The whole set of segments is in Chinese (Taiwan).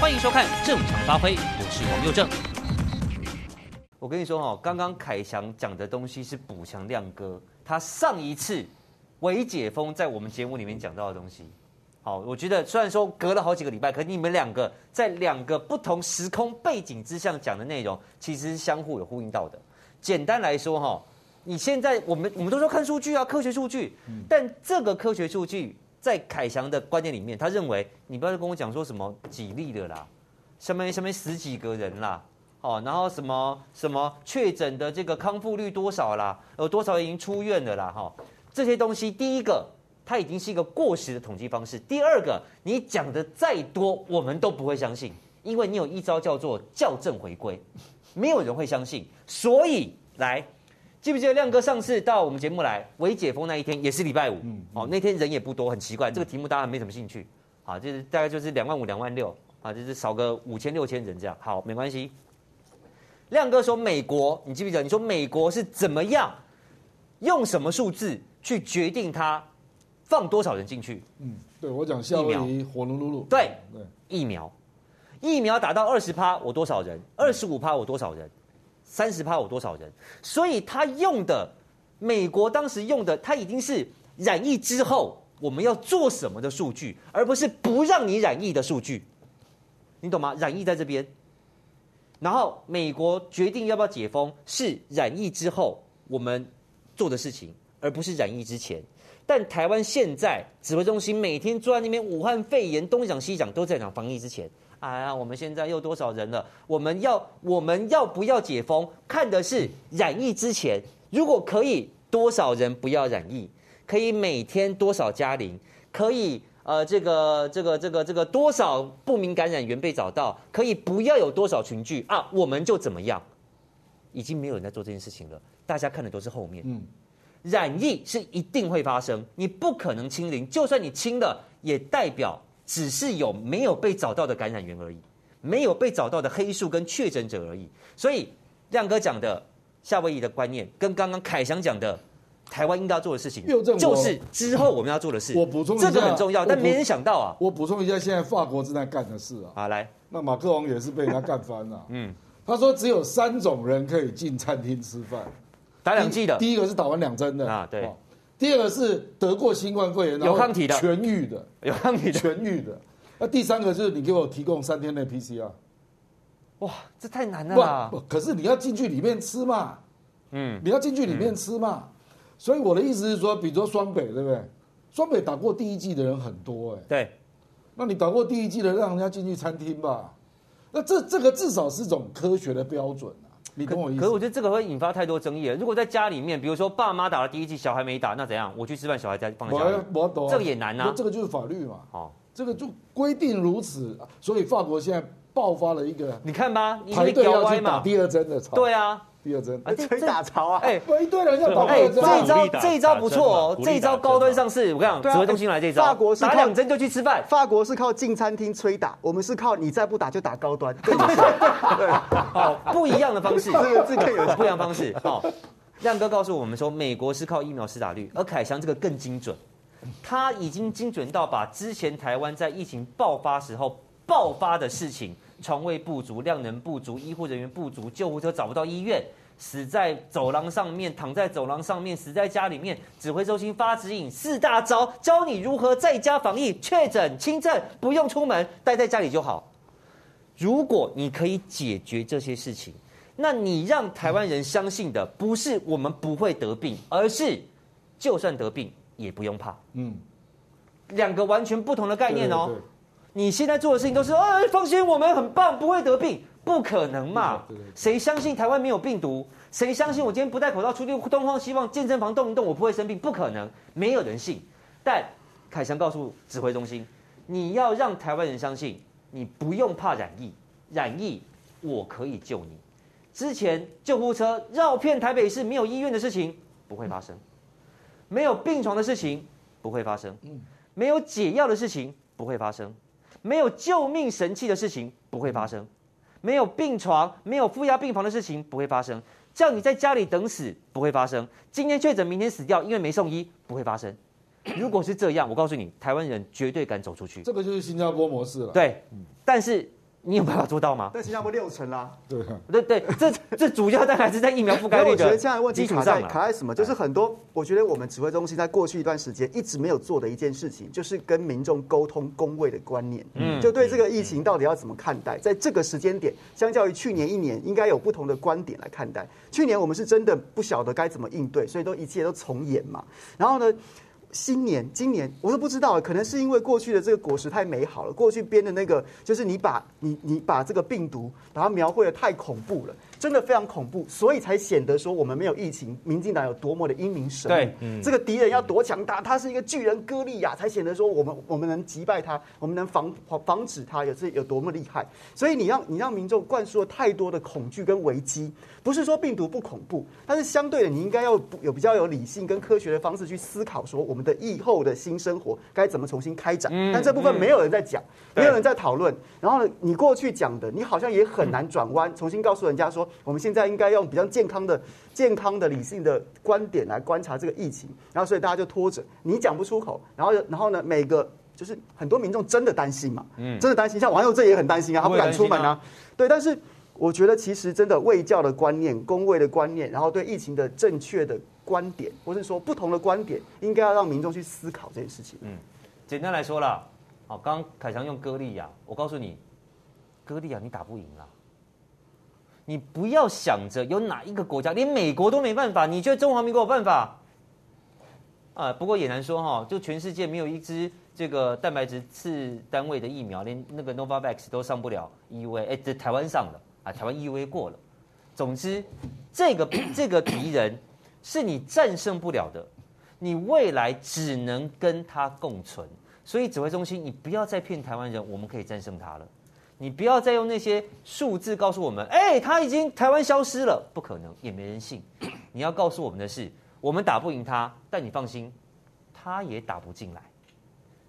歡迎收看正常發揮，我是王又正。我跟你說哈、哦，剛剛凱翔講的東西是補強亮哥他上一次，微解封在我們節目裡面講到的東西。好，我覺得雖然說隔了好幾個禮拜，可你們兩個在兩個不同時空背景之下講的內容，其實是相互有呼應到的。簡單來說哈、哦，你現在我們我們都說看數據啊，科學數據，但這個科學數據。在凱翔的觀念裡面，他認為你不要再跟我講說什麼幾例的啦，下面下面十幾個人啦，哦，然後什麼什麼確診的這個康復率多少啦，有、呃、多少已經出院的啦，哈、哦，這些東西，第一個它已經是一個過時的統計方式，第二個你講的再多，我們都不會相信，因為你有一招叫做校正回歸，沒有人會相信，所以來。記不記得亮哥，上次到我們節目來，微解封那一天也是禮拜五，嗯嗯、哦，那天人也不多，很奇怪，這個題目當然沒什麼興趣，好，就是大概就是兩萬五、兩萬六，啊，就是少個五千、六千人這樣，好，沒關係。亮哥說美國，你記不記得？你說美國是怎麼樣，用什麼數字去決定他放多少人進去？嗯，對我講疫苗火爐露露，對對疫，疫苗疫苗打到二十趴我多少人？二十五趴我多少人？嗯嗯三十趴有多少人？所以他用的美國當時用的，他已經是染疫之後我們要做什麼的數據，而不是不讓你染疫的數據，你懂嗎？染疫在這邊，然後美國決定要不要解封是染疫之後我們做的事情，而不是染疫之前。但台灣現在指揮中心每天坐在那邊，武漢肺炎東講西講都在講防疫之前。哎呀，我們現在又多少人了？我們要我們要不要解封？看的是染疫之前，如果可以多少人不要染疫，可以每天多少加零，可以呃這個這個這個這個多少不明感染源被找到，可以不要有多少群聚啊，我們就怎麼樣？已經沒有人在做這件事情了，大家看的都是後面。嗯，染疫是一定會發生，你不可能清零，就算你清了，也代表。只是有沒有被找到的感染源而已，沒有被找到的黑數跟確診者而已。所以亮哥講的夏威夷的觀念，跟剛剛凱翔講的台灣應該要做的事情，就是之後我們要做的事。我補充這個很重要，但沒人想到啊。我補充一下，現在法國正在幹的事啊。啊，來，那馬克宏也是被人家幹翻了啊。嗯， 他說只有三種人可以進餐廳吃飯，打兩劑的，第一個是打完兩針的啊，對。第二個是得過新冠肺炎的，有抗體的，痊癒的，有抗體的有抗體的痊癒的。那第三個是你給我提供三天內 PCR，哇，這太難了吧。可是你要進去裡面吃嘛，嗯，你要進去裡面吃嘛。嗯，所以我的意思是說，比如說雙北，對不對？雙北打過第一劑的人很多哎，欸，對。那你打過第一劑的人，讓人家進去餐廳吧。那這這個至少是一種科學的標準啊。可是我覺得這個會引發太多爭議了。如果在家裡面，比如說爸媽打了第一劑，小孩沒打，那怎樣？我去示範小孩再放在家裡，這個也難啊。這個就是法律嘛，好、哦，這個就規定如此。所以法國現在爆發了一個，你看吧，排隊要去打第二針的，對啊。第二針啊，吹打潮啊！哎，一堆人這一招，這一招不錯，這一招高端上市。我跟你講指揮中心來這招，法國是打兩針就去吃飯。法國是靠進餐廳吹打，我們是靠你再不打就打高端。對，好，不一樣的方式，這個有不一樣方式。好，亮哥告訴我們說，美國是靠疫苗施打率，而凱翔這個更精準，他已經精準到把之前台灣在疫情爆發時候爆發的事情。床位不足，量能不足，醫護人員不足，救護車找不到醫院，死在走廊上面，躺在走廊上面，死在家裡面。指揮中心發指引四大招，教你如何在家防疫。確診、輕症不用出門，待在家裡就好。如果你可以解決這些事情，那你讓台灣人相信的不是我們不會得病，而是就算得病也不用怕。嗯，兩個完全不同的概念哦。對對對你現在做的事情都是，哎，放心，我們很棒，不會得病，不可能嘛。誰相信台灣沒有病毒？誰相信我今天不戴口罩出去東晃西晃，健身房動一動，我不會生病？不可能，沒有人信。但凱翔告訴指揮中心，你要讓台灣人相信，你不用怕染疫，染疫我可以救你。之前救護車繞遍台北市沒有醫院的事情不會發生，嗯，沒有病床的事情不會發生，嗯，沒有解藥的事情不會發生。沒有救命神器的事情不會發生，沒有病床、沒有負壓病房的事情不會發生，叫你在家裡等死不會發生，今天確診明天死掉因為沒送醫不會發生。如果是這樣，我告訴你，台灣人絕對敢走出去。這個就是新加坡模式了。對，但是。你有辦法做到嗎？在新加坡六成啦、啊對， 對對對，這這主要大還是在疫苗覆蓋率，我覺得現在問題卡在卡在什麼？就是很多，我覺得我們指揮中心在過去一段時間一直沒有做的一件事情，就是跟民眾溝通公衛的觀念，嗯，就對這個疫情到底要怎麼看待，在這個時間點，相較於去年一年，應該有不同的觀點來看待。去年我們是真的不曉得該怎麼應對，所以都一切都重演嘛。然後呢？新年，今年我都不知道了，可能是因為過去的這個果實太美好了，過去編的那個，就是你把，你你把這個病毒把它描繪的太恐怖了。真的非常恐怖，所以才顯得說我們沒有疫情，民進黨有多麼的英明神。對，這個敵人要多強大，他是一個巨人歌利亞，才顯得說我們我們能擊敗他，我們能防防止他，有這有多麼厲害。所以你讓你讓民眾灌輸了太多的恐懼跟危機，不是說病毒不恐怖，但是相對的你應該要有比較有理性跟科學的方式去思考，說我們的疫後的新生活該怎麼重新開展。但這部分沒有人在講，沒有人在討論。然後你過去講的，你好像也很難轉彎，重新告訴人家說。我們現在應該用比較健康的、健康的、理性的觀點來觀察這個疫情，然後所以大家就拖着，你講不出口，然後然後呢，每個就是很多民眾真的擔心嘛，嗯，真的擔心，像王佑正也很擔心啊，他不敢出門啊，對，但是我覺得其實真的衛教的觀念、公衛的觀念，然後對疫情的正確的觀點，或是說不同的觀點，應該要讓民眾去思考這件事情。嗯，簡單來說啦，好，剛剛凱翔用歌利亞，我告訴你，歌利亞你打不贏啦、啊。你不要想着有哪一個國家，連美國都沒辦法，你覺得中華民國有辦法？啊，不過也難說哈，就全世界沒有一支這個蛋白質次單位的疫苗，連那個 Novavax 都上不了，EUA，哎，EUA，欸、這台灣上了啊，台灣 EUA 過了。總之，這個這個敵人是你戰勝不了的，你未來只能跟他共存，所以指揮中心，你不要再騙台灣人，我們可以戰勝他了。你不要再用那些數字告訴我們，哎、欸，他已經台灣消失了，不可能，也沒人信。你要告訴我們的是，我們打不贏他，但你放心，他也打不進來。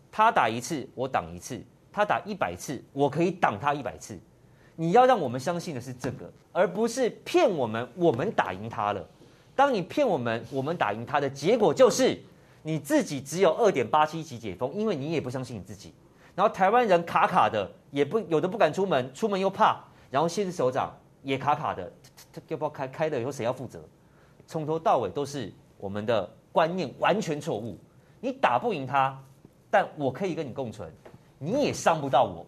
他打一次，我擋一次；他打一百次，我可以擋他一百次。你要讓我們相信的是這個，而不是騙我們我們打贏他了。當你騙我們我們打贏他的結果就是你自己只有二點八七級解封，因為你也不相信你自己。然後台灣人卡卡的，也不有的不敢出門，出門又怕。然後先是首長也卡卡的，他不知道開開了以後誰要負責？從頭到尾都是我們的觀念完全錯誤。你打不贏他，但我可以跟你共存，你也傷不到我，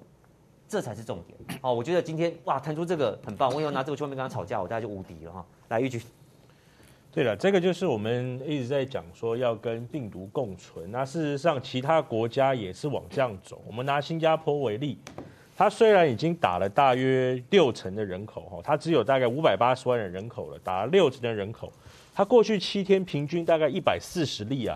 這才是重點。好、哦，我覺得今天哇，談出這個很棒，我以後拿這個去外面跟他吵架，我大家就無敵了哈、哦。來，玉句對了，這個就是我們一直在講說要跟病毒共存。那事實上，其他國家也是往這樣走。我們拿新加坡為例，它雖然已經打了大約六成的人口，哈，它只有大概五百八十萬人人口了，打了六成的人口。它過去七天平均大概一百四十例啊，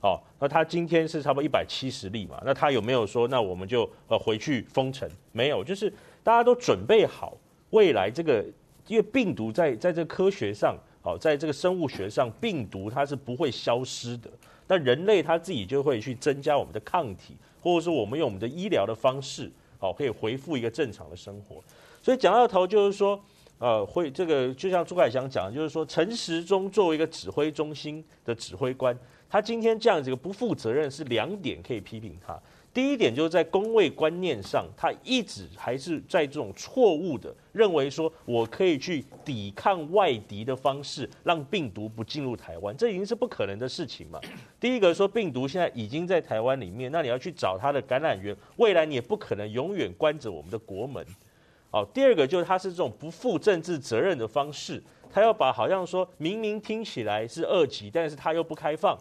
好，哦，那它今天是差不多一百七十例嘛？那它有沒有說，那我們就呃回去封城？沒有，就是大家都準備好未來這個，因為病毒在在這個科學上。好，在這個生物學上，病毒它是不會消失的，但人類它自己就會去增加我們的抗體，或者說我們用我們的醫療的方式，好，可以回復一個正常的生活。所以講到頭就是說，呃，會這個就像朱凱翔講的，就是說，陳時中作為一個指揮中心的指揮官，他今天這樣子一個不負責任，是兩點可以批評他。第一點就是在公衛觀念上，他一直還是在這種錯誤的認為說，我可以去抵抗外敵的方式，讓病毒不進入台灣，這已經是不可能的事情嘛。第一個說病毒現在已經在台灣裡面，那你要去找它的感染源，未來你也不可能永遠關着我們的國門。好，第二個就是他是這種不負政治責任的方式，他要把好像說明明聽起來是二級，但是他又不開放，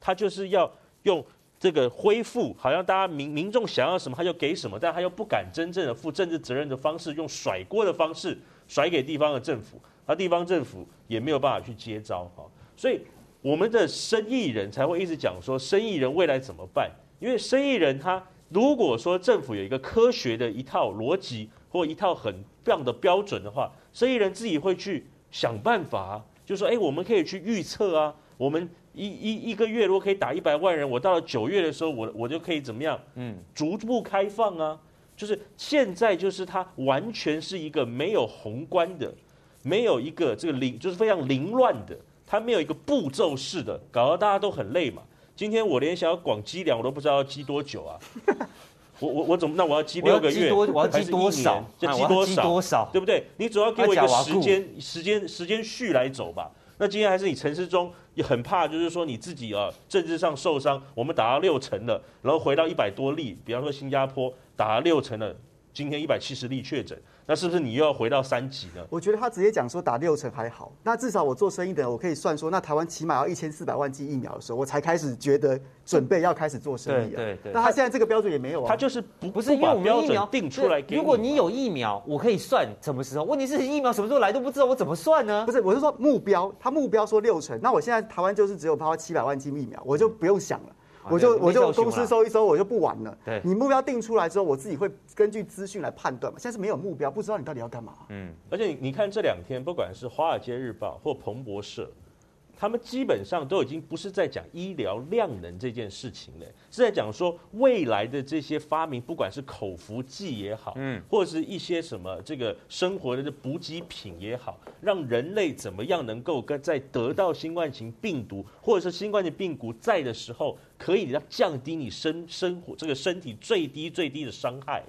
他就是要用。這個恢復好像大家民民眾想要什麼他就給什麼，但他又不敢真正的負政治責任的方式，用甩鍋的方式甩給地方的政府，而地方政府也沒有辦法去接招哈，所以我們的生意人才會一直講說，生意人未來怎麼辦？因為生意人他如果說政府有一個科學的一套邏輯或一套很樣的標準的話，生意人自己會去想辦法，就說哎，我們可以去預測啊，我們。一一一個月，如果可以打一百萬人，我到了九月的時候我，我我就可以怎麼樣？嗯，逐步開放啊。就是現在，就是它完全是一個沒有宏觀的，沒有一個這個零，就是非常凌亂的，它沒有一個步驟式的，搞得大家都很累嘛。今天我連想要廣積糧，我都不知道要積多久啊！ 我我我怎麼？那我要積六個月？我要積多，多少？就積多少？啊、多少對不對？你總要給我一個時間、時間、時間序來走吧。那今天還是你陳時中，很怕就是說你自己啊，政治上受傷。我們打到六成了，然後回到一百多例，比方說新加坡打了六成了。今天一百七十例確診，那是不是你又要回到三級呢？我覺得他直接講說打六成還好，那至少我做生意的我可以算說，那台灣起碼要一千四百萬劑疫苗的時候，我才開始覺得準備要開始做生意啊。對對對。那他現在這個標準也沒有啊。他，他就是不不是把標準定出來給你。如果你有疫苗，我可以算什麼時候。問題是疫苗什麼時候來都不知道，我怎麼算呢？不是，我是說目標，他目標說六成，那我現在台灣就是只有不到七百萬劑疫苗，我就不用想了。嗯我就我就公司收一收，我就不玩了。對，你目標定出來之後，我自己會根據資訊來判斷嘛。現在是沒有目標，不知道你到底要幹嘛。嗯，而且你你看這兩天，不管是華爾街日報或彭博社，他們基本上都已經不是在講醫療量能這件事情了，是在講說未來的這些發明，不管是口服劑也好，嗯，或者是一些什麼這個生活的補給品也好，讓人類怎麼樣能夠跟在得到新冠型病毒，或者是新冠型病毒在的時候。可以，降低你生生活這個身體最低最低的傷害。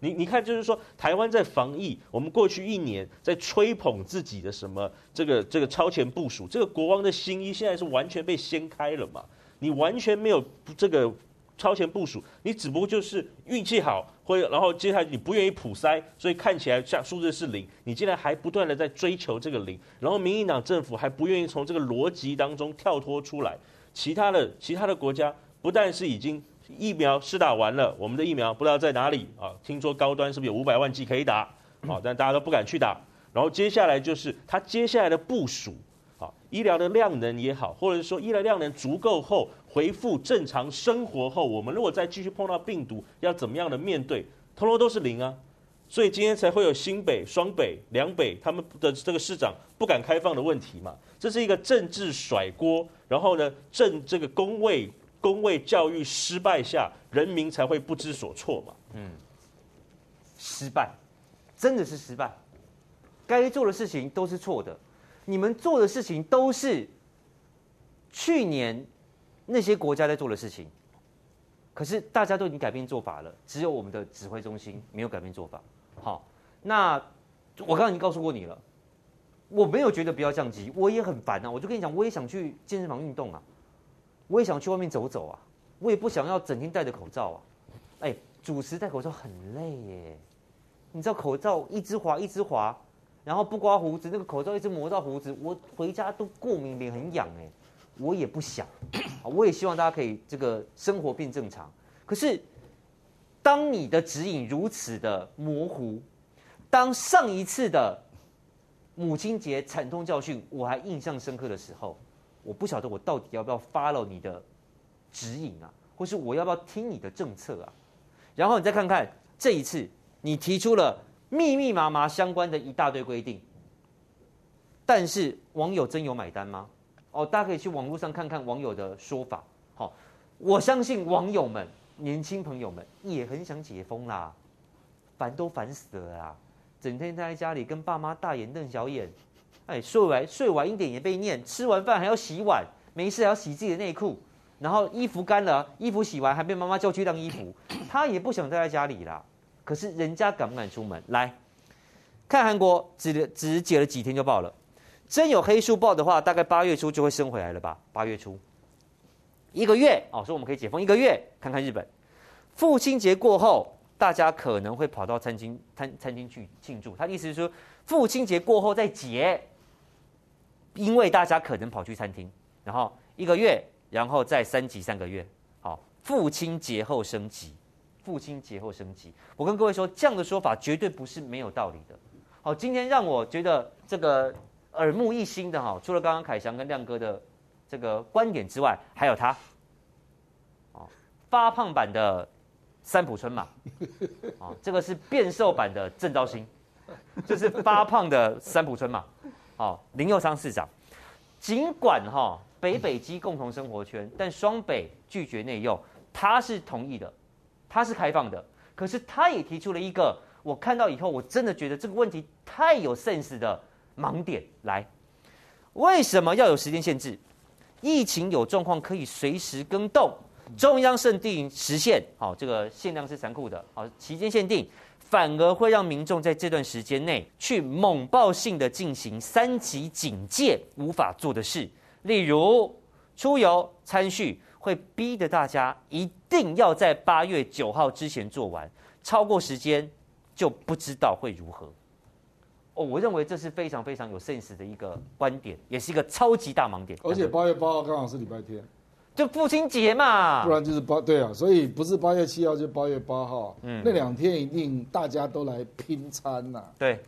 你你看，就是說台灣在防疫，我們過去一年在吹捧自己的什麼這個這個超前部署，這個國王的新衣現在是完全被掀開了嘛？你完全沒有這個超前部署，你只不過就是運氣好，或然後接下來你不願意普篩。所以看起來像數字是零，你竟然還不斷的在追求這個零，然後民進黨政府還不願意從這個邏輯當中跳脫出來。其他的其他的國家不但是已經疫苗施打完了，我們的疫苗不知道在哪裡啊？聽說高端是不是有五百萬劑可以打，好，啊，但大家都不敢去打。然後接下來就是他接下來的部署，好，啊，醫療的量能也好，或者說醫療量能足夠後恢復正常生活後，我們如果再繼續碰到病毒，要怎麼樣的面對？通通都是零啊。.所以今天才會有新北、雙北、兩北他們的這個市長不敢開放的問題嘛。這是一個政治甩鍋，然後呢，政這個公衛、公衛教育失敗下，人民才會不知所措嘛。嗯，失敗，真的是失敗，該做的事情都是錯的，你們做的事情都是去年那些國家在做的事情。可是大家都已經改變做法了，只有我們的指揮中心沒有改變做法。好，那我剛剛已經告訴過你了，我沒有覺得不要降級，我也很煩啊。我就跟你講，我也想去健身房運動啊，我也想去外面走走啊，我也不想要整天戴着口罩啊。哎、欸，主持戴口罩很累耶、欸，你知道口罩一直滑一直滑，然後不刮鬍子，那個口罩一直磨到鬍子，我回家都過敏臉癢、欸，臉很癢哎。我也不想，我也希望大家可以這個生活變正常。可是，當你的指引如此的模糊，當上一次的母親節慘痛教訓我還印象深刻的時候，我不曉得我到底要不要 follow 你的指引啊，或是我要不要聽你的政策啊？然後你再看看這一次，你提出了密密麻麻相關的一大堆規定，但是網友真有買單嗎？哦，大家可以去網絡上看看網友的說法。好、哦，我相信網友們、年輕朋友們也很想解封啦，煩都煩死了啦。整天待在家裡跟爸媽大眼瞪小眼，唉睡完，睡晚一點也被念，吃完飯還要洗碗，沒事還要洗自己的內褲，然後衣服乾了，衣服洗完還被媽媽叫去晾衣服，他也不想待在家裡啦。可是人家敢不敢出門？來看韓國，只只解了幾天就爆了。真有黑數報的話，大概八月初就會升回來了吧？八月初，一個月哦，所以我們可以解封一個月，看看日本。父親節過後，大家可能會跑到餐廳、餐餐廳去慶祝。他的意思是說，父親節過後再解，因為大家可能跑去餐廳，然後一個月，然後再升級三個月。好、哦，父親節後升級，父親節後升級。我跟各位說，這樣的說法絕對不是沒有道理的。好、哦，今天讓我覺得這個。耳目一新的哈，除了剛剛凱翔跟亮哥的這個觀點之外，還有他哦，發胖版的三浦春馬，啊、 哦，這個是變瘦版的鄭照新，這、就是發胖的三浦春馬，哦，林右昌市長，儘管哈、哦、北北基共同生活圈，嗯、但雙北拒絕內用，他是同意的，他是開放的，可是他也提出了一個，我看到以後我真的覺得這個問題太有 sense 的。.盲點來，為什麼要有時間限制？疫情有狀況可以隨時更動，中央設定時限哦，這個限量是殘酷的，哦，期間限定反而會讓民眾在這段時間內去猛爆性的進行三級警戒無法做的事，例如出遊餐敘，會逼得大家一定要在八月九號之前做完，超過時間就不知道會如何。哦，我認為這是非常非常有 sense 的一個觀點，也是一個超級大盲點。而且八月八號剛好是禮拜天，就父親節嘛。不然就是八對啊，所以不是八月七號就八月八號，8 8號嗯，那兩天一定大家都來拼餐吶、啊。對，啊、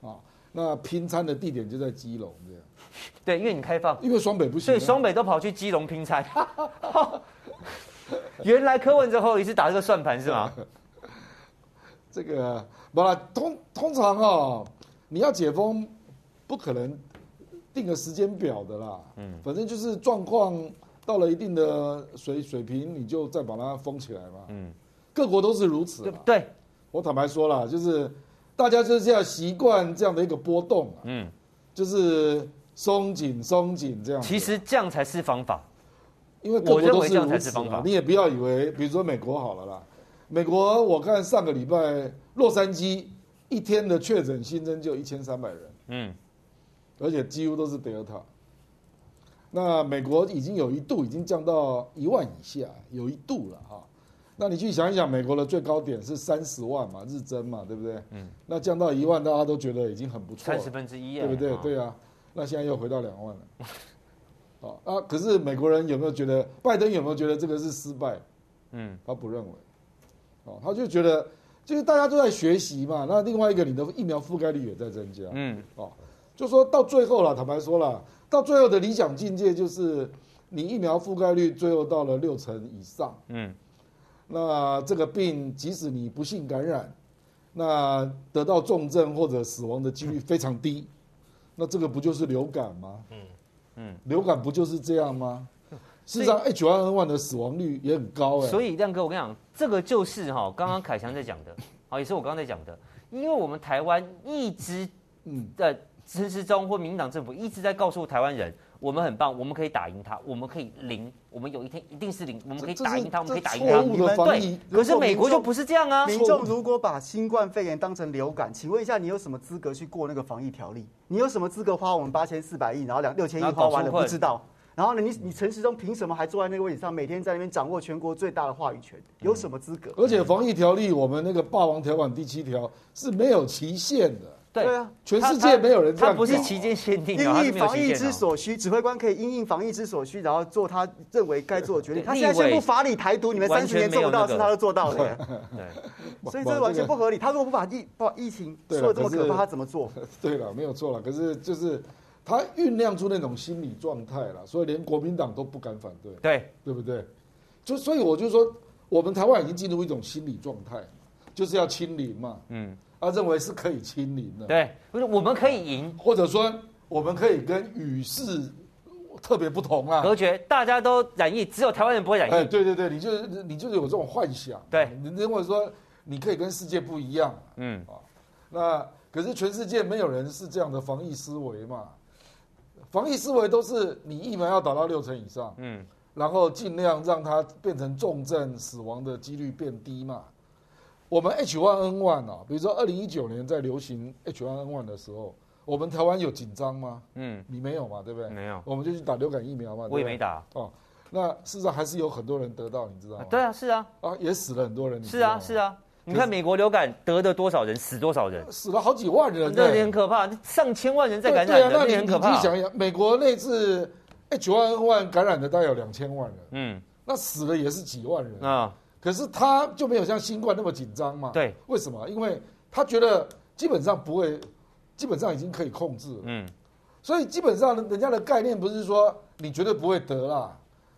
哦，那拼餐的地點就在基隆，對，因為你開放，因為雙北不行、啊，所以雙北都跑去基隆拼餐。 哦、 原來柯文哲後一直打這個算盤， 是嗎？ 這個不然，通通常啊、哦。你要解封，不可能定個時間表的啦。嗯，反正就是狀況到了一定的水水平，你就再把它封起來嘛。嗯，各國都是如此。對，我坦白說啦，就是大家就是要習慣這樣的一個波動嗯、啊，就是鬆緊鬆緊這樣。其實這樣才是方法。因為各國都是這樣才是方法。你也不要以為，比如說美國好了啦，美國我看上個禮拜洛杉磯。一天的確診新增就一千三百人，嗯，而且幾乎都是德爾塔。那美國已經有一度已經降到一萬以下，有一度了哈。那你去想一想，美國的最高點是三十萬嘛，日增嘛，對不對？嗯，那降到一萬，大家都覺得已經很不錯了，三十分之一，對不對？對啊，那現在又回到兩萬了。啊可是美國人有沒有覺得？拜登有沒有覺得這個是失敗？嗯，他不認為。哦，他就覺得。就是大家都在學習嘛，那另外一個你的疫苗覆蓋率也在增加，嗯，哦，就說到最後了，坦白說了，到最後的理想境界就是你疫苗覆蓋率最後到了六成以上，嗯，那這個病即使你不幸感染，那得到重症或者，死亡的幾率非常低，那這個不就是流感嗎？嗯嗯，嗯流感不就是這樣嗎？事實上 H1N1 的死亡率也很高誒、欸。所以，亮哥，我跟你講，這個就是哈、哦，剛剛凱強在講的，啊， 也是我剛剛在講的，因為我們台灣一直，在陳時中或民進黨政府一直在告訴台灣人，我們很棒，我們可以打贏他，我們可以零，我們有一天一定是零，我們可以打贏他，是我們可以打贏他。你們對，對，可是美國就不是這樣啊。民眾如果把新冠肺炎當成流感，請問一下，你有什麼資格去過那個防疫條例？你有什麼資格花我們八千四百億，然後兩六千億花後完了不知道？然後呢？你你陳時中憑什麼還坐在那個位置上，每天在那邊掌握全國最大的話語權？有什麼資格？而且防疫條例，我們那個霸王條款第七條是沒有期限的。對啊，全世界沒有人，他不是期間限定，因應防疫之所需，指揮官可以因應防疫之所需，然後做他認為該做的決定。他現在宣布法理台獨，你們三十年做不到，是他都做到了。所以這完全不合理。他如果不把疫、把疫情做的這麼可怕，他怎麼做？對了，沒有錯了。可是就是。他醞釀出那種心理狀態了，所以連國民黨都不敢反對，對，對對不對？就所以我就說，我們台灣已經進入一種心理狀態，就是要清零嘛，嗯，他認為是可以清零的，對，不是我們可以贏，或者說我們可以跟與世特別不同啊，隔絕，大家都染疫，只有台灣人不會染疫，哎、對對對，你就你就有這種幻想，對，你認為說你可以跟世界不一樣、啊嗯，嗯啊，那可是全世界沒有人是這樣的防疫思維嘛。防疫思維都是你疫苗要打到六成以上，嗯，然後盡量讓它變成重症、死亡的幾率變低嘛。我們 H1N1 啊，比如說二零一九年在流行 H1N1 的時候，我們台灣有緊張嗎？嗯，你沒有嘛，對不對？沒有，我們就去打流感疫苗嘛。我也沒打。哦，那事實上還是有很多人得到，你知道嗎？啊對啊，是啊，啊也死了很多人。是啊，是啊。你看美國流感得了多少人，死多少人？死了好幾萬人，那很可怕，對上千萬人在感染的對、啊，那，你那很可怕。你想一想，美國那次，哎，九萬、萬感染的大概有兩千萬人，嗯，那死了也是幾萬人啊。可是他就沒有像新冠那麼緊張嘛？對，為什麼？因為他覺得基本上不會，基本上已經可以控制。嗯，所以基本上人家的概念不是說你絕對不會得啦，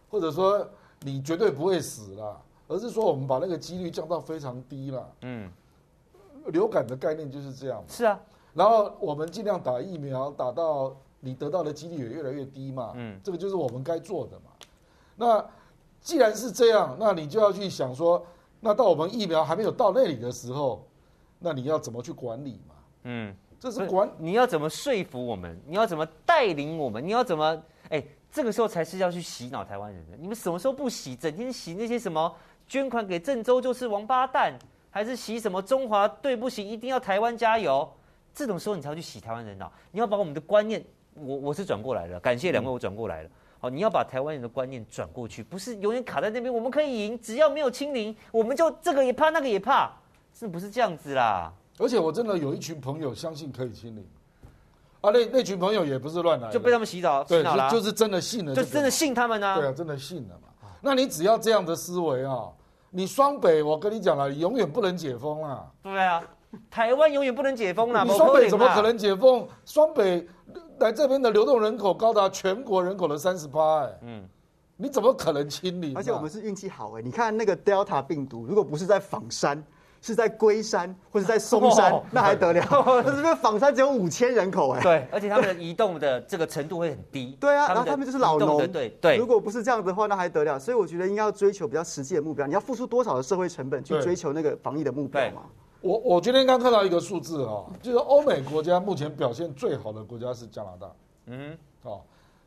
或者說你絕對不會死啦。而是說，我們把那個幾率降到非常低了。嗯，流感的概念就是這樣嘛。是啊，然後我們盡量打疫苗，打到你得到的幾率也越來越低嘛。嗯，這個就是我們該做的嘛。那既然是這樣，那你就要去想說，那到我們疫苗還沒有到那裡的時候，那你要怎麼去管理嘛？嗯，這是管你要怎麼說服我們，你要怎麼帶領我們，你要怎麼？哎、欸，這個時候才是要去洗腦台灣人的。你們什麼時候不洗？整天洗那些什麼？捐款給鄭州就是王八蛋，還是洗什麼中華隊不行？一定要台灣加油。這種時候你才要去洗台灣人哦、啊。你要把我們的觀念，我我是轉過來了，感謝兩位我轉過來了。好、嗯哦，你要把台灣人的觀念轉過去，不是永遠卡在那邊。我們可以贏，只要沒有清零，我們就這個也怕那個也怕，是不是這樣子啦？而且我真的有一群朋友相信可以清零，啊，那那群朋友也不是亂來就被他們洗澡。洗了。就是真的信了、這個，就真的信他們吶、啊。對啊，真的信了嘛。那你只要這樣的思維啊。你雙北，我跟你講了，永遠不能解封了。對啊，台灣永遠不能解封了。雙北怎麼可能解封？雙北來這邊的流動人口高達全國人口的三十八，哎，嗯，你怎麼可能清零？而且我們是運氣好，哎，你看那個 Delta 病毒，如果不是在枋山。是在龜山或者在嵩山、松山哦，那還得了？這邊房山只有五千人口哎，對，而且他們的移動的這個程度會很低，對啊，然後他們就是老農，對，對，如果不是這樣的話，那還得了？所以我覺得應該要追求比較實際的目標，你要付出多少的社會成本去追求那個防疫的目標嘛？我我今天剛剛看到一個數字啊，就是歐美國家目前表現最好的國家是加拿大，嗯，哦，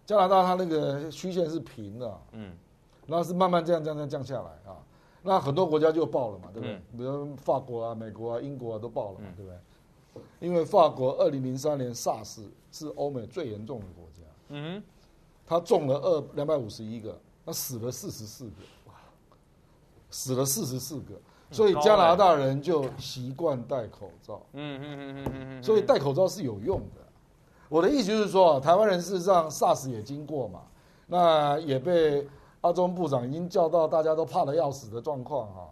加拿大它那個曲線是平的，嗯，然後是慢慢這樣這樣這樣降下來啊。那很多國家就爆了嘛，對不對？比如法國啊、美國啊、英國啊都爆了嘛，對不對？因為法國二零零三年 SARS 是歐美最嚴重的國家，嗯，他中了二兩百五十一個，他死了四十四個，哇，死了四十四個，所以加拿大人就習慣戴口罩，嗯嗯嗯嗯嗯，所以戴口罩是有用的。我的意思就是說、啊，台灣人事實上 SARS 也經過嘛，那也被。阿中部長已經叫到大家都怕得要死的狀況哈，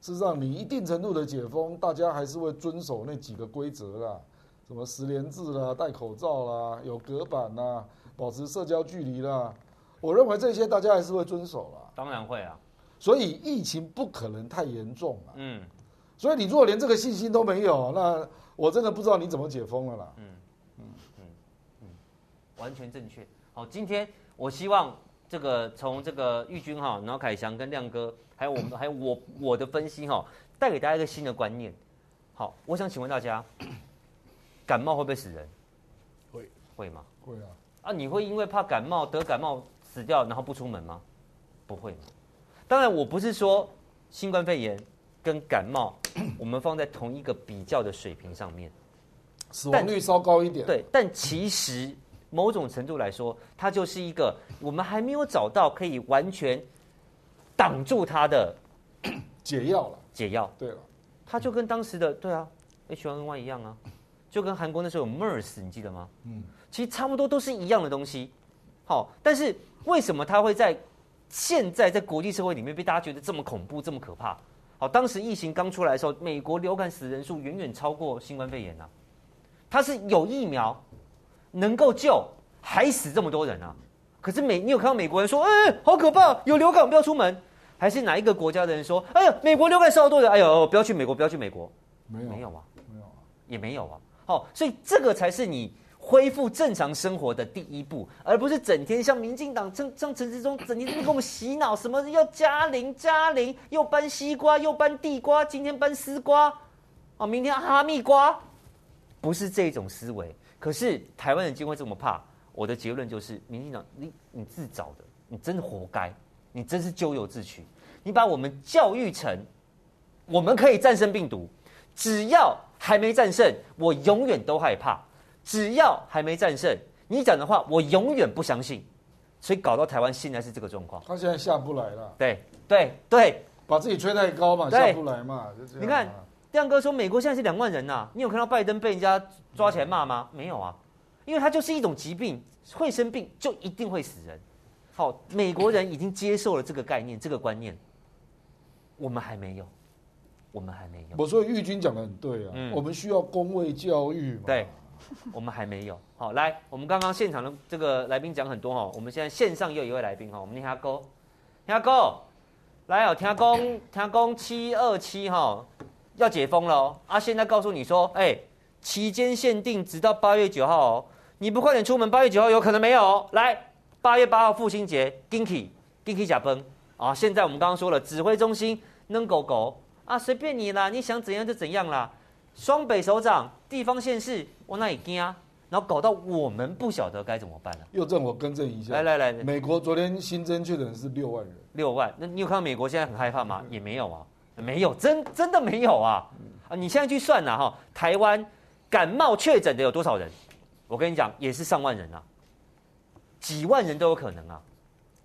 事實上你一定程度的解封，大家還是會遵守那幾個規則啦，什麼實聯制啦、戴口罩啦、有隔板啦、保持社交距離啦，我認為這些大家還是會遵守啦。當然會啊，所以疫情不可能太嚴重啊。嗯，所以你如果連這個信心都沒有，那我真的不知道你怎麼解封了啦。嗯嗯嗯嗯，完全正確。好，今天我希望。這個從這個玉君哈，然後凱翔跟亮哥，還有我們，還有我我的分析哈，帶給大家一個新的觀念。好，我想請問大家，感冒會不會死人？會會嗎？會啊！啊，你會因為怕感冒得感冒死掉，然後不出門嗎？不會嗎？當然，我不是說新冠肺炎跟感冒，我們放在同一個比較的水平上面，死亡率稍高一點。對，但其實。某種程度來說，它就是一個我們還沒有找到可以完全擋住它的解藥了。解藥，對了，它就跟當時的對啊 H1N1 一樣啊，就跟韓國那時候有 MERS，你記得嗎？嗯，其實差不多都是一樣的東西。好、哦，但是為什麼它會在現在在國際社會裡面被大家覺得這麼恐怖、這麼可怕？好、哦，當時疫情剛出來的時候，美國流感死人數遠遠超過新冠肺炎啊。它是有疫苗。嗯能夠救還死這麼多人啊？可是美你有看到美國人說，哎，好可怕，有流感不要出門，還是哪一個國家的人說，哎呀，美國流感死了多少人？哎呦，呦，不要去美國，不要去美國，沒有啊，沒有啊，也沒有啊。有啊啊、好，所以這個才是你恢復正常生活的第一步，而不是整天像民進黨、像像陳時中整天在那給我們洗腦，什麼要加零加零，又搬西瓜又搬地瓜，今天搬絲瓜，哦，明天哈密瓜，不是這種思維。可是台灣人竟會這麼怕，我的結論就是，民進黨，你你自找的，你真的活該，你真是咎由自取，你把我們教育成，我們可以戰勝病毒，只要還沒戰勝，我永遠都害怕；只要還沒戰勝，你講的話我永遠不相信。所以搞到台灣現在是這個狀況，他現在下不來了。對對對，對對，把自己吹太高嘛，對下不來嘛，就這樣嘛，你看。亮哥說：“美國現在是兩萬人吶、啊，你有看到拜登被人家抓起來罵嗎？沒有啊，因為他就是一種疾病，會生病就一定會死人。好，美國人已經接受了這個概念，這個觀念，我們還沒有，我們還沒有。我說玉軍講得很對啊，我們需要公衛教育。對，我們還沒有。好，來，我們剛剛現場的這個來賓講很多哈，我們現在線上又有一位來賓哈，我們下聽哥，聽哥，來哦，聽公，聽公七二七哈。”要解封了哦！啊，現在告訴你說，哎，期間限定直到八月九號哦。你不快點出門，八月九號有可能沒有，哦。來，八月八號父親節 Ginky Ginky 假崩啊！現在我們剛剛說了，指揮中心扔狗狗啊，隨便你啦，你想怎樣就怎樣啦。雙北首長、地方縣市往那已盯啊？然後搞到我們不曉得該怎麼辦了，啊。又正我更正一下，來來來，美國昨天新增確診是六萬人。六萬？那你有看到美國現在很害怕嗎？也沒有啊。沒有，真真的沒有啊！嗯、啊，你現在去算吶、啊、哈，台灣感冒確診的有多少人？我跟你講，也是上萬人啊，幾萬人都有可能啊。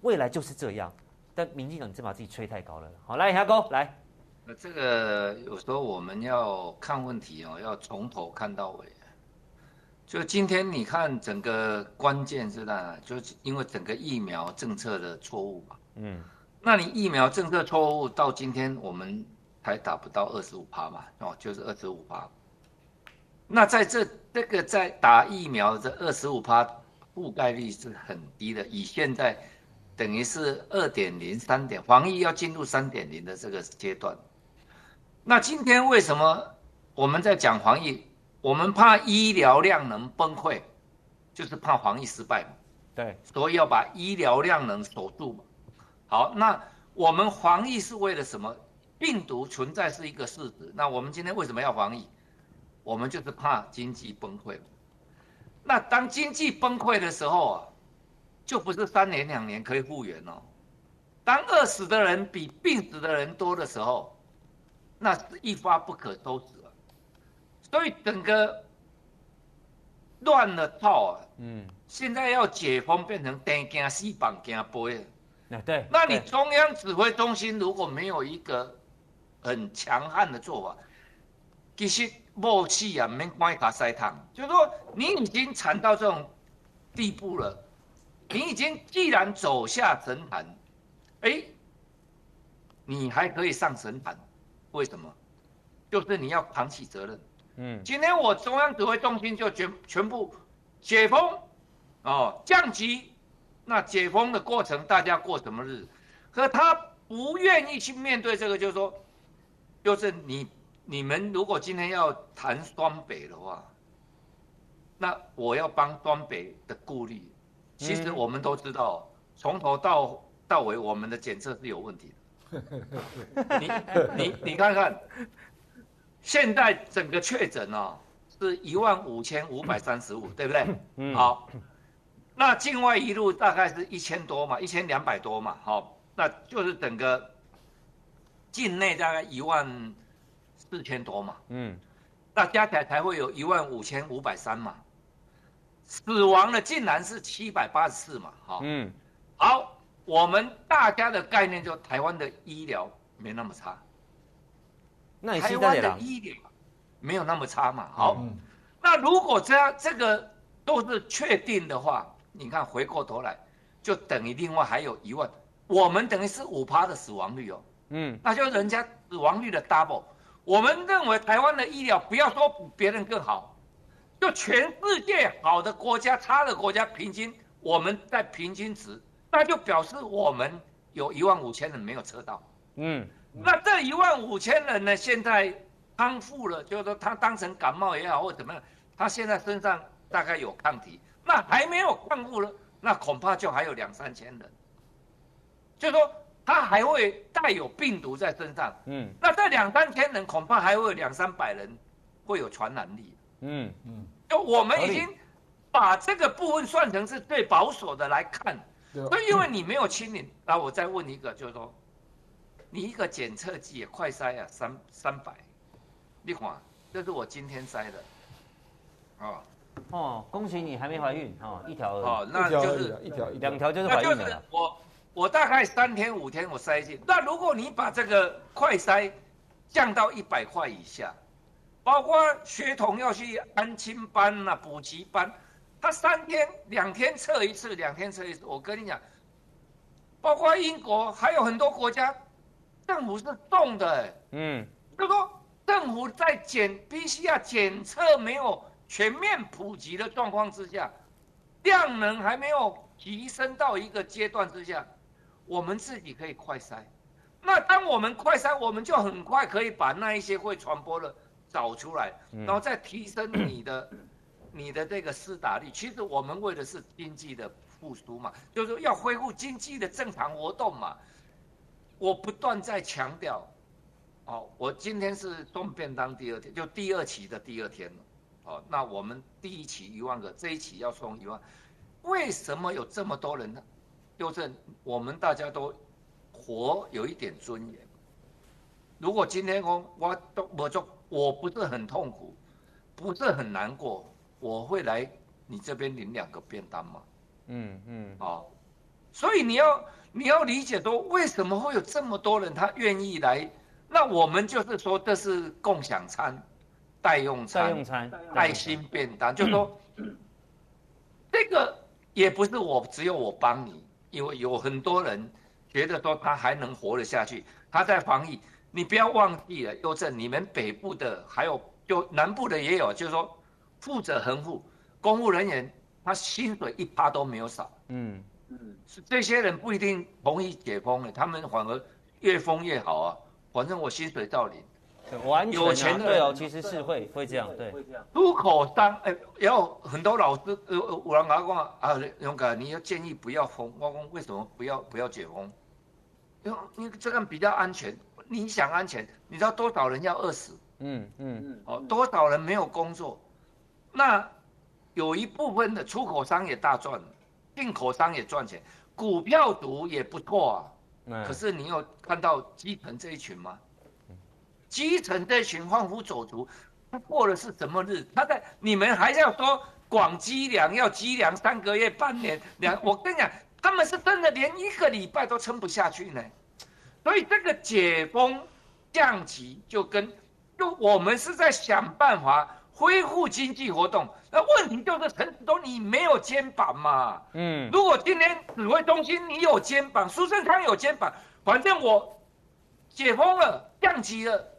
未來就是這樣，但民進黨你真把自己吹太高了。好，來，阿高來、呃。這個有時候我們要看問題哦，要從頭看到尾。就今天你看整個關鍵是在，就是因為整個疫苗政策的錯誤嘛。嗯。那你疫苗政策錯誤，到今天我們還打不到二十五趴嘛？哦，就是二十五趴。那在這這個在打疫苗這二十五趴覆蓋率是很低的，以現在等於是二點零三點，防疫要進入三點零的這個階段。那今天為什麼我們在講防疫？我們怕醫療量能崩潰，就是怕防疫失敗，對，所以要把醫療量能守住嘛。好，那我們防疫是為了什麼？病毒存在是一個事實。那我們今天為什麼要防疫？我們就是怕經濟崩潰。那當經濟崩潰的時候啊，就不是三年兩年可以復原哦。當餓死的人比病死的人多的時候，那是一發不可收拾了。所以整個亂了套啊！嗯，現在要解封變成單肩、四板、玻璃那對，那你中央指揮中心如果沒有一個很強悍的做法，對其實默契啊沒關係，他塞就是說你已經慘到這種地步了，嗯、你已經既然走下神壇，哎、欸，你還可以上神壇，為什麼？就是你要扛起責任。嗯，今天我中央指揮中心就全全部解封，哦，降級。那解封的過程，大家過什麼日子？可他不願意去面對這個，就是說，就是你你們如果今天要談雙北的話，那我要幫雙北的顧慮。其實、嗯、我們都知道，從頭到到尾，我們的檢測是有問題的。你你你看看，現在整個確診啊是一萬五千五百三十五，對不對？嗯。好。嗯那境外移入大概是一千多嘛，一千兩百多嘛，好，那就是整個境內大概一萬四千多嘛，嗯，那加起來才會有一萬五千五百三嘛，死亡的竟然是七百八十四嘛，好，嗯，好，我們大家的概念就是台灣的醫療沒那麼差，那台灣的醫療沒有那麼差嘛，好，嗯嗯、那如果這樣這個都是確定的話。你看，回過頭來，就等於另外還有一萬，我們等於是五趴的死亡率哦。嗯，那就是人家死亡率的 double。我們認為台灣的醫療不要說比別人更好，就全世界好的國家、差的國家平均，我們在平均值，那就表示我們有一萬五千人沒有測到。嗯，那這一萬五千人呢，現在康復了，就是說他當成感冒也好或怎麼樣，他現在身上大概有抗體。那還沒有康復呢，那恐怕就還有兩三千人，就是說他還會帶有病毒在身上。嗯，那這兩三千人恐怕還會兩三百人，會有傳染力嗯。嗯嗯，就我們已經把這個部分算成是最保守的來看，所以因為你沒有清零。那我再問一個，就是說，你一個檢測劑也快篩啊三，三三百，你看，這是我今天篩的，啊。哦，恭喜你還沒懷孕哦，一條哦，那就是一條，兩條就是懷孕了。那就是我我大概三天五天我塞進。那如果你把這個快篩降到一百塊以下，包括學童要去安親班啊、補習班，他三天兩天測一次，兩天測一次。我跟你講，包括英國還有很多國家，政府是動的、欸。嗯，就說政府在檢，必須要檢測沒有。全面普及的狀況之下，量能還沒有提升到一個階段之下，我們自己可以快篩。那當我們快篩，我們就很快可以把那一些會傳播的找出來，然後再提升你的你的這個施打力。其實我們為的是經濟的復甦嘛，就是說要恢復經濟的正常活動嘛。我不斷在強調，哦，我今天是動便當第二天，就第二期的第二天了。那我們第一期一萬個，這一期要送一萬，為什麼有這麼多人呢？就是我們大家都活有一點尊嚴。如果今天我我我就我不是很痛苦，不是很難過，我會來你這邊領兩個便當嗎嗯？嗯嗯啊，所以你要你要理解，說為什麼會有這麼多人他願意來？那我們就是說，這是共享餐。待用餐、待用餐，待心便當，就是說，嗯、這個也不是我只有我幫你，因為有很多人覺得說他還能活得下去，他在防疫。你不要忘記了，又正，你們北部的還有就南部的也有，就是說，富者恆富，公務人員他薪水一趴都沒有少。嗯嗯，是這些人不一定同意解封的、欸，他們反而越封越好啊，反正我薪水到零。全啊，有錢，對哦，其實是會、哦、會這樣，對，會這樣。出口商，哎、欸，也有很多老師呃呃，我老公啊，啊，勇哥，你要建議不要封，我說為什麼不要不要解封？因為因為這個比較安全。你想安全，你知道多少人要餓死？嗯嗯嗯。嗯哦，多少人沒有工作？那有一部分的出口商也大賺，進口商也賺錢，股票賭也不錯啊。嗯、可是你有看到基層這一群嗎？基層這群販夫走卒，他過的是什麼日子？他在你們還要說廣積糧，要積糧三個月、半年糧。 我跟你講，他們是真的連一個禮拜都撐不下去呢！所以這個解封降級，就跟，就我們是在想辦法恢復經濟活動。那問題就是陳時中，你沒有肩膀嘛？嗯，如果今天指揮中心你有肩膀，蘇貞昌有肩膀，反正我解封了，降級了。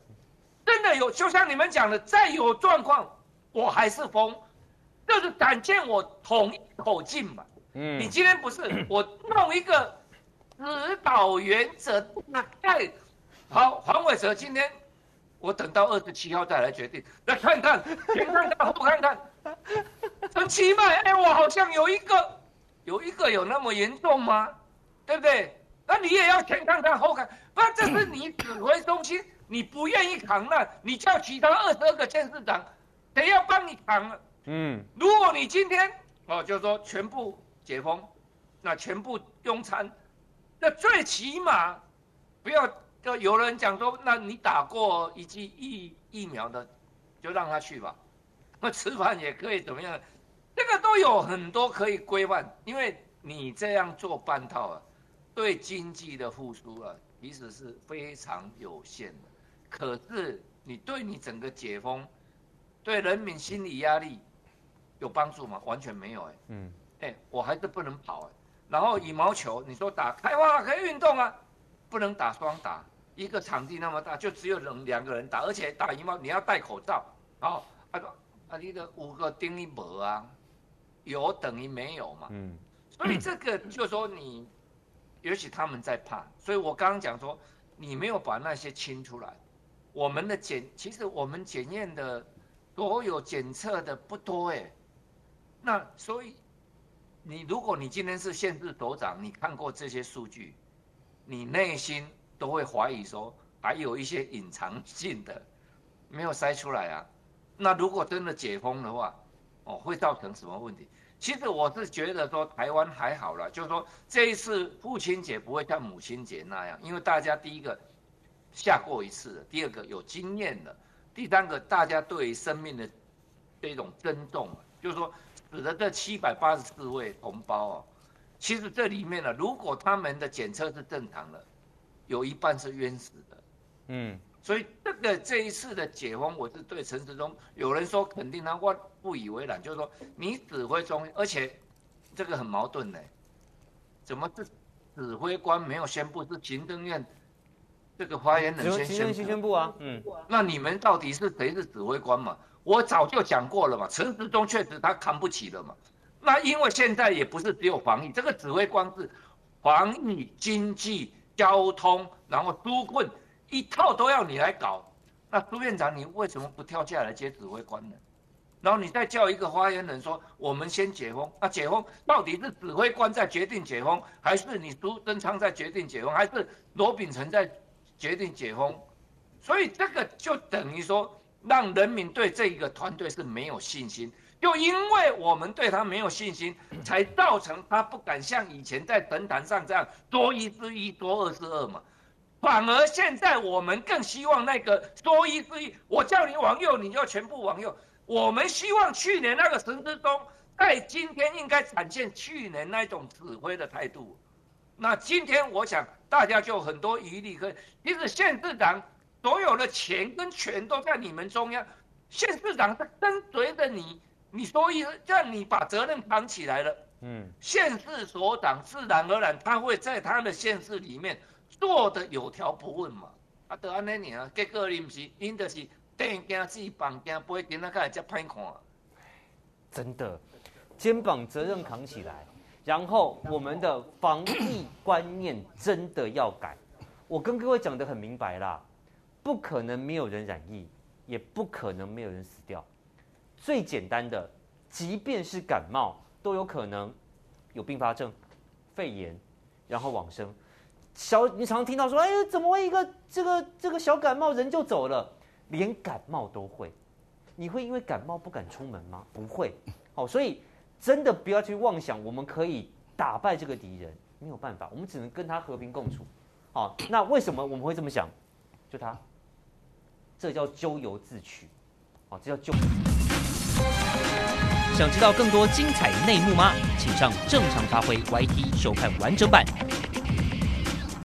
真的有，就像你們講的，再有狀況，我還是封，這，就是展現我統一口徑嘛。嗯，你今天不是我弄一個指導原則大概，好，黃偉哲今天我等到二十七號再來決定，來看看前看看後 看看。很 奇怪，哎，欸，我好像有一個，有一個有那麼嚴重嗎？對不對？那你也要先看看後看，不然，這是你指揮中心。 你不願意扛了，那你叫其他二十二個縣市長，得要幫你扛了。嗯，如果你今天哦，就是說全部解封，那全部用餐，那最起碼不要，就有人講說，那你打過一劑疫疫苗的，就讓他去吧，那吃飯也可以怎麼樣，這個都有很多可以規範，因為你這樣做半套啊，對經濟的復甦啊，其實是非常有限的。可是你對你整個解封，對人民心理壓力有幫助嗎？完全沒有哎、欸。嗯，哎、欸，我還是不能跑哎、欸。然後羽毛球，你說打開哇可以運動啊，不能打雙打，一個場地那麼大，就只有人兩個人打，而且打羽毛你要戴口罩，然後他、啊、說，啊，你的五個丁一博啊，有等於沒有嘛？嗯。所以這個就是說你，嗯、尤其他們在怕。所以我剛剛講說，你沒有把那些清出來。我們的檢其實我們檢驗的，所有檢測的不多哎、欸，那所以，你如果你今天是縣市所長，你看過這些數據，你內心都會懷疑說，還有一些隱藏性的，沒有篩出來啊。那如果真的解封的話，哦，會造成什麼問題？其實我是覺得說，台灣還好啦，就是說這一次父親節不會像母親節那樣，因為大家第一個。下過一次的，第二個有經驗的，第三個大家對於生命的這種尊重，就是說，死了這七百八十四位同胞哦、啊，其實這裡面呢、啊，如果他們的檢測是正常的，有一半是冤死的，嗯，所以這個這一次的解封，我是對陳時中有人說肯定他不不以為然，就是說你指揮中，而且這個很矛盾呢、欸，怎麼是指揮官沒有宣布是行政院？這個發言人先宣布啊，嗯，那你們到底是誰是指揮官嘛？我早就講過了嘛，陳時中確實他扛不起了嘛。那因為現在也不是只有防疫，這個指揮官是防疫、經濟、交通，然後蘇冠一套都要你來搞。那蘇院長，你為什麼不跳下來接指揮官呢？然後你再叫一個發言人說我們先解封。那解封到底是指揮官在決定解封，還是你蘇貞昌在決定解封，還是羅秉成在決定解封，所以這個就等於說，讓人民對這一個團隊是沒有信心。又因為我們對他沒有信心，才造成他不敢像以前在神壇上這樣多一是一，多二是二嘛。反而現在我們更希望那個多一是一，我叫你往右，你就全部往右。我們希望去年那個陳時中在今天應該展現去年那種指揮的態度。那今天我想。大家就很多疑慮跟，其實縣市長所有的錢跟權都在你們中央，縣市長是跟隨着你，你所以讓你把責任扛起來了，嗯，縣市所長自然而然他會在他的縣市裡面做的有條不紊嘛，啊都安那你啊，結個你唔是，因就是電蛋驚雞，綁驚龜，囡仔個也則歹看、嗯，真的，肩膀責任扛起來。然後我們的防疫觀念真的要改，我跟各位講得很明白啦，不可能沒有人染疫，也不可能沒有人死掉。最簡單的，即便是感冒都有可能有併發症、肺炎，然後往生。小你常聽到說，哎，怎麼會一個這個這個小感冒人就走了？連感冒都會，你會因為感冒不敢出門嗎？不會。好，所以。真的不要去妄想，我們可以打敗這個敵人，沒有辦法，我們只能跟他和平共處。好、啊，那為什麼我們會這麼想？就他，這叫咎由自取，啊，這叫咎由自取。想知道更多精彩內幕嗎？請上正常發揮 YT 收看完整版。